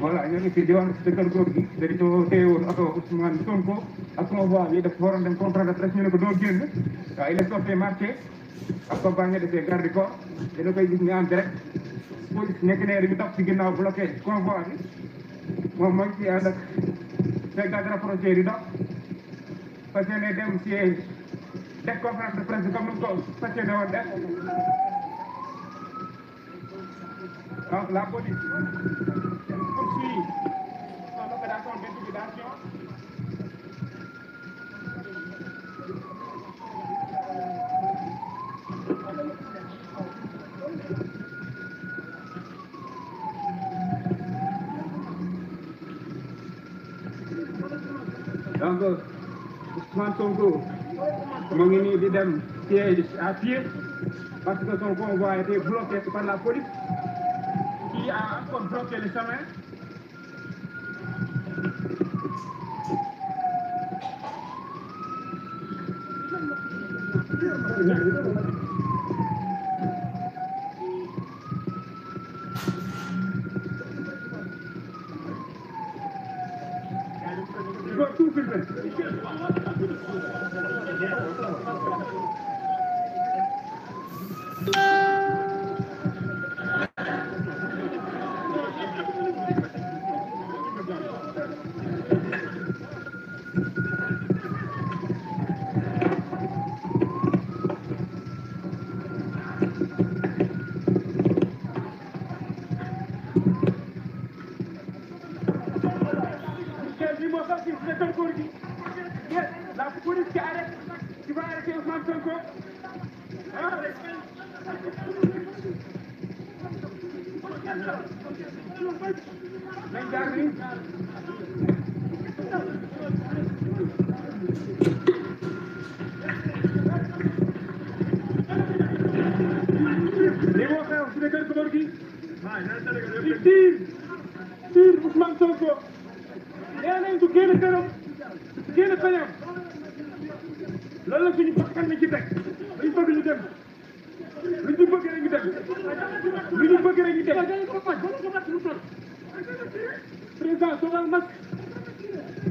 voilà ñoo ngi fii diwaan si dëkkal góor gi dañoo téye woon oto de presse ñu ne ko doo génn waaye il est sorti marché accompagné de ses gardes du corps dañu koy gis ñu en direct police nekk nee dañu topp si ginnaaw bloqué convoi bi moom mooy ci ànd ak ses gardes rapprochés di dox parce que ne dem si def conférence de presse bi comme ni mu ko fas yéene Donc la police poursuit son opération d'intimidation. donc Ousmane Sonko mu ngi nii di pièges à pied parce que son convoi a été bloqué par la police. qui a encore bloqué l'examen Thank you. yaa police ci arrêté ci ba arrêté tá Ousmane Sonko ah nañ jaar nii li moo xew su ne kër góor gi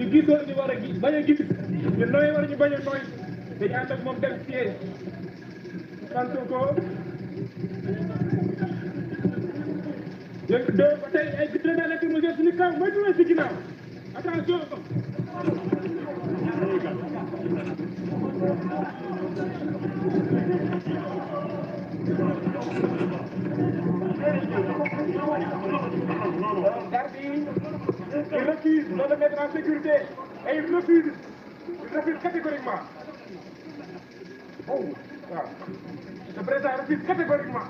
ñu gisoon ñu war a bañ a gis ñu nooy war ñu bañ a nooy dañu ànd ak moom dem siège sant ko dégg nga doo ba tey ay gis-gis doit le mettre en sécurité. Et il refuse. Il refuse catégoriquement. Oh, voilà. Le président refuse catégoriquement.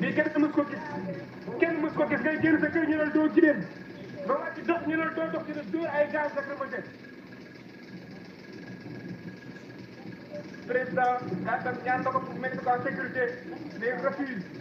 lii kenn ko gis kenn mës ko gis ngay génn sa kër ñu ne la doo jigéen nga wàcc dox ñu ne la doo dox ci ay gaz lacrymogène président daa tam ñaan na ko pour mettre en sécurité mais refuse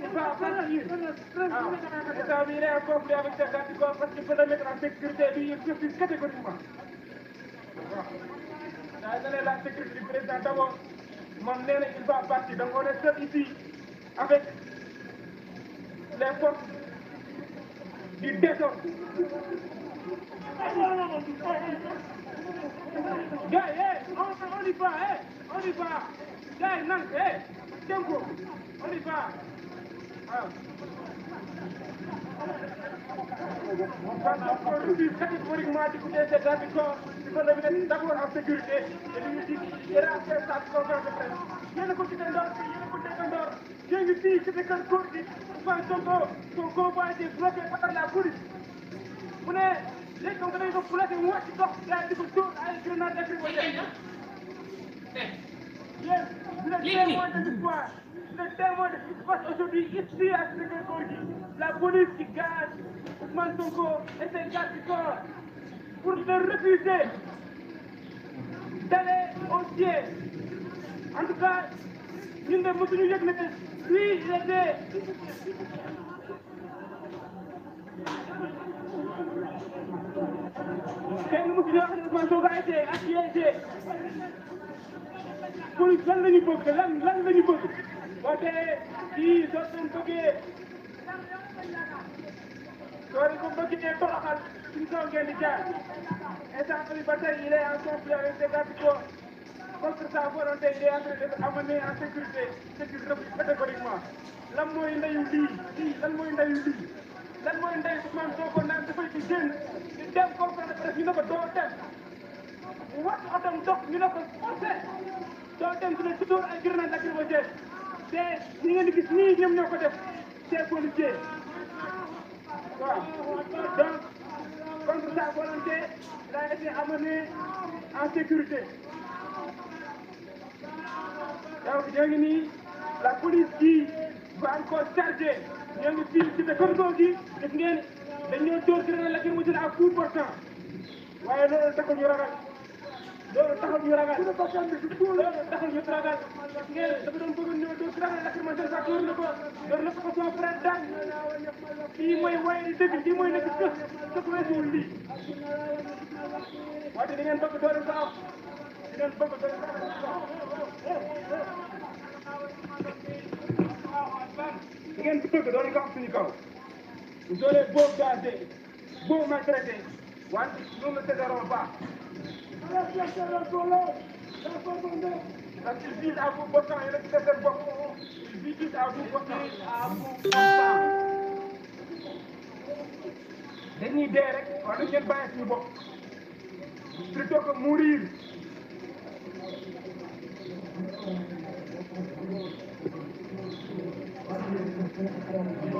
État bi il est en conflit avec ses habitants parce qu'il faut le mettre en sécurité lui il refuse catégoriquement. waaw daa ne la sécurité du président d'abord mon nee il va partir donc on est seul ici avec les forces du désordre. On y on on y va eh, on y va eh, on y va. C'est pragmatique des États du corps, il faut devenir d'abord en sécurité, et lui dit, il a fait sa conférence de presse. Il y a le côté d'un d'or, il y a le côté d'un d'or. Je lui dis, c'est le cœur court, enfin, son dos, son combat a été bloqué par la police. Vous n'avez, les congolais ont foulé des mois qui sortent, là, du coup, à une grenade d'acrimogène. Yes, vous êtes témoin de l'histoire. je de ce qui se passe aujourd'hui ici à Sénégal. La police qui gagne Ousmane Sonko et ses gardes du pour se refuser d'aller au ciel. En tout cas, nous ne pouvons pas nous mettre. Lui, il était. Quel nous a été police lan la ñu bëgg lan lan la ñu bëgg wante kii soo leen bëggee soo leen ko bëggee toroxal suñu kaw ngeen di jaar instant bi ba tey il est en conflit avec des gardes du corps contre sa volonté il est en train d'être amené en sécurité sécurité catégoriquement lan mooy ndeyu lii lii lan mooy ndeyu lii lan mooy ndeyu Ousmane Sonko naan dafay ci génn di dem conférence de presse ñu ne ko doo dem mu wàcc otom dox ñu ne ko forcé doo dem dina toujours ay grenade lacrymogène te ñi ngeen di gis nii ñoom ñoo ko def c'est policier waaw donc contre sa volonté il a été amené sécurité donc ñoo ngi nii la police qui va encore charger ñoo ngi fii ci Korgo gi gis ngeen dañoo door grenade lacrymogène à coup portant waaye loolu taxul ñu ragal loolu taxul ñu ragal suñu bakkan bi du tuul loolu taxul ñu ragal ngeen dafa doon bëgg ñëw doo ci ragal lakk ma dal sax tuur na ko loolu la ko sama frère daan lii mooy waaye di dëgg lii mooy nekk dëgg dëgg weesuwul lii waaye da ngeen bëgg doo leen ko am di ngeen bëgg doo leen ko am di ngeen bëgg doo leen ko am suñu kaw vous aurez beau garder beau maltraiter wante nous ne céderons pas Gracias a la colère, la commandée. Quand ils disent à vous, pourtant, plutôt que mourir Thank you.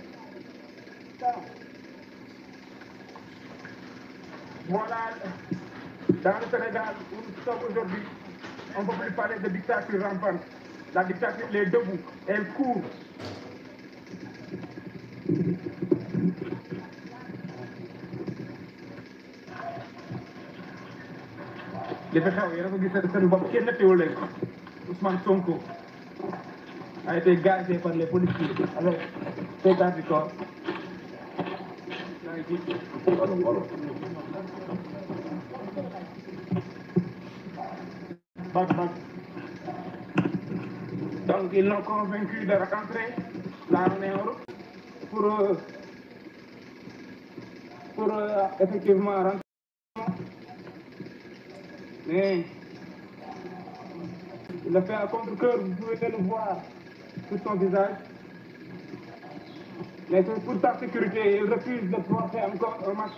Voilà, dans le Sénégal, où nous sommes aujourd'hui, on ne peut plus parler de dictature rampante. La dictature, elle est debout, elle court. Les fi xew yi dafa gis seen bopp kenn Ousmane Sonko a été gazé par les policiers alors c'est gazé corps donc ils l'ont convaincu de rencontrer l'armée en route pour, euh, pour euh, effectivement rentrer. Mais il a fait un contre-cœur, vous pouvez le voir sur son visage. Mais c'est pour sa sécurité, il refuse de porter encore un match.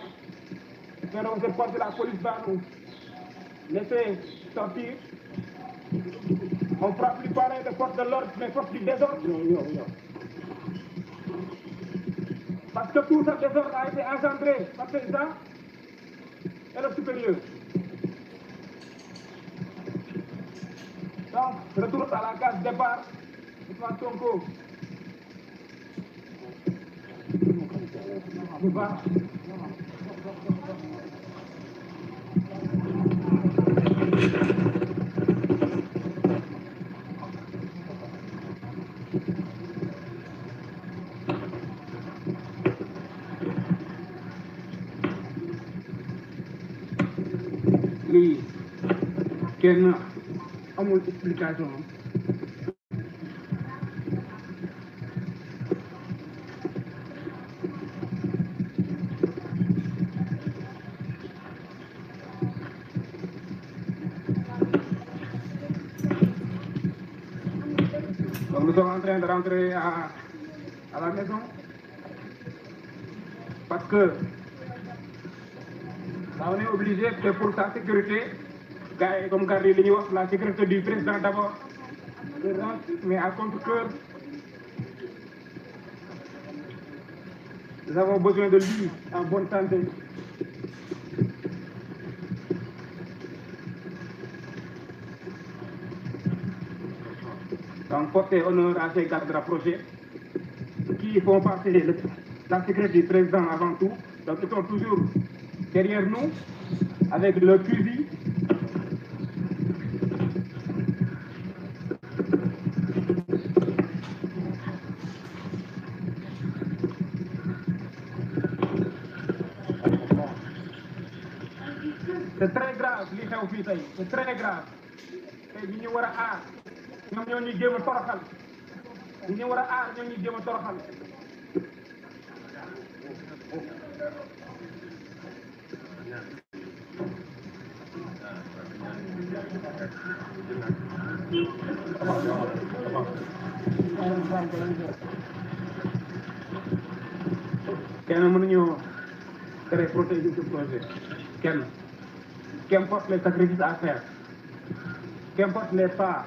Faire on porter la police va nous. Laissez sortir. On fera plus pareil de force de l'ordre, mais force du désordre. Non, non, non. Parce que tout ce désordre a été engendré par ces et le supérieur. Donc, retour à la case départ, Ousmane Tonko. Luiz, que é não, vamos explicar, nous sommes en train de rentrer à, la maison parce que là, on est obligé que pour sa sécurité, comme garder la sécurité du président d'abord, mais à contre-cœur, nous avons besoin de lui en bonne santé. donc porter honneur à ces gardes rapprochés qui font passer la secret du président avant tout. Donc ils sont toujours derrière nous avec le fusil. C'est très grave, les c'est très grave. Et ñoom ñoo ñuy jéem a toroxal ñi ñu war a aar ñoo ñuy jéem a toroxal kenn mënuñu créer protéger ce projet kenn qu'importe les sacrifices à faire qu'importe les pas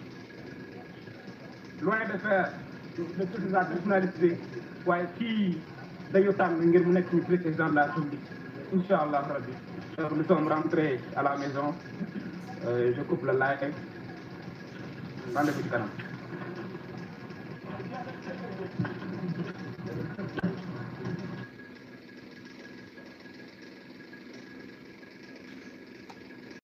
loin de faire le de journalistique ouais, qui dañu tànn ngir mu nekk ñu président de la République incha rabbi nous sommes rentrés à la maison euh, je coupe le live rendez-vous ci kanam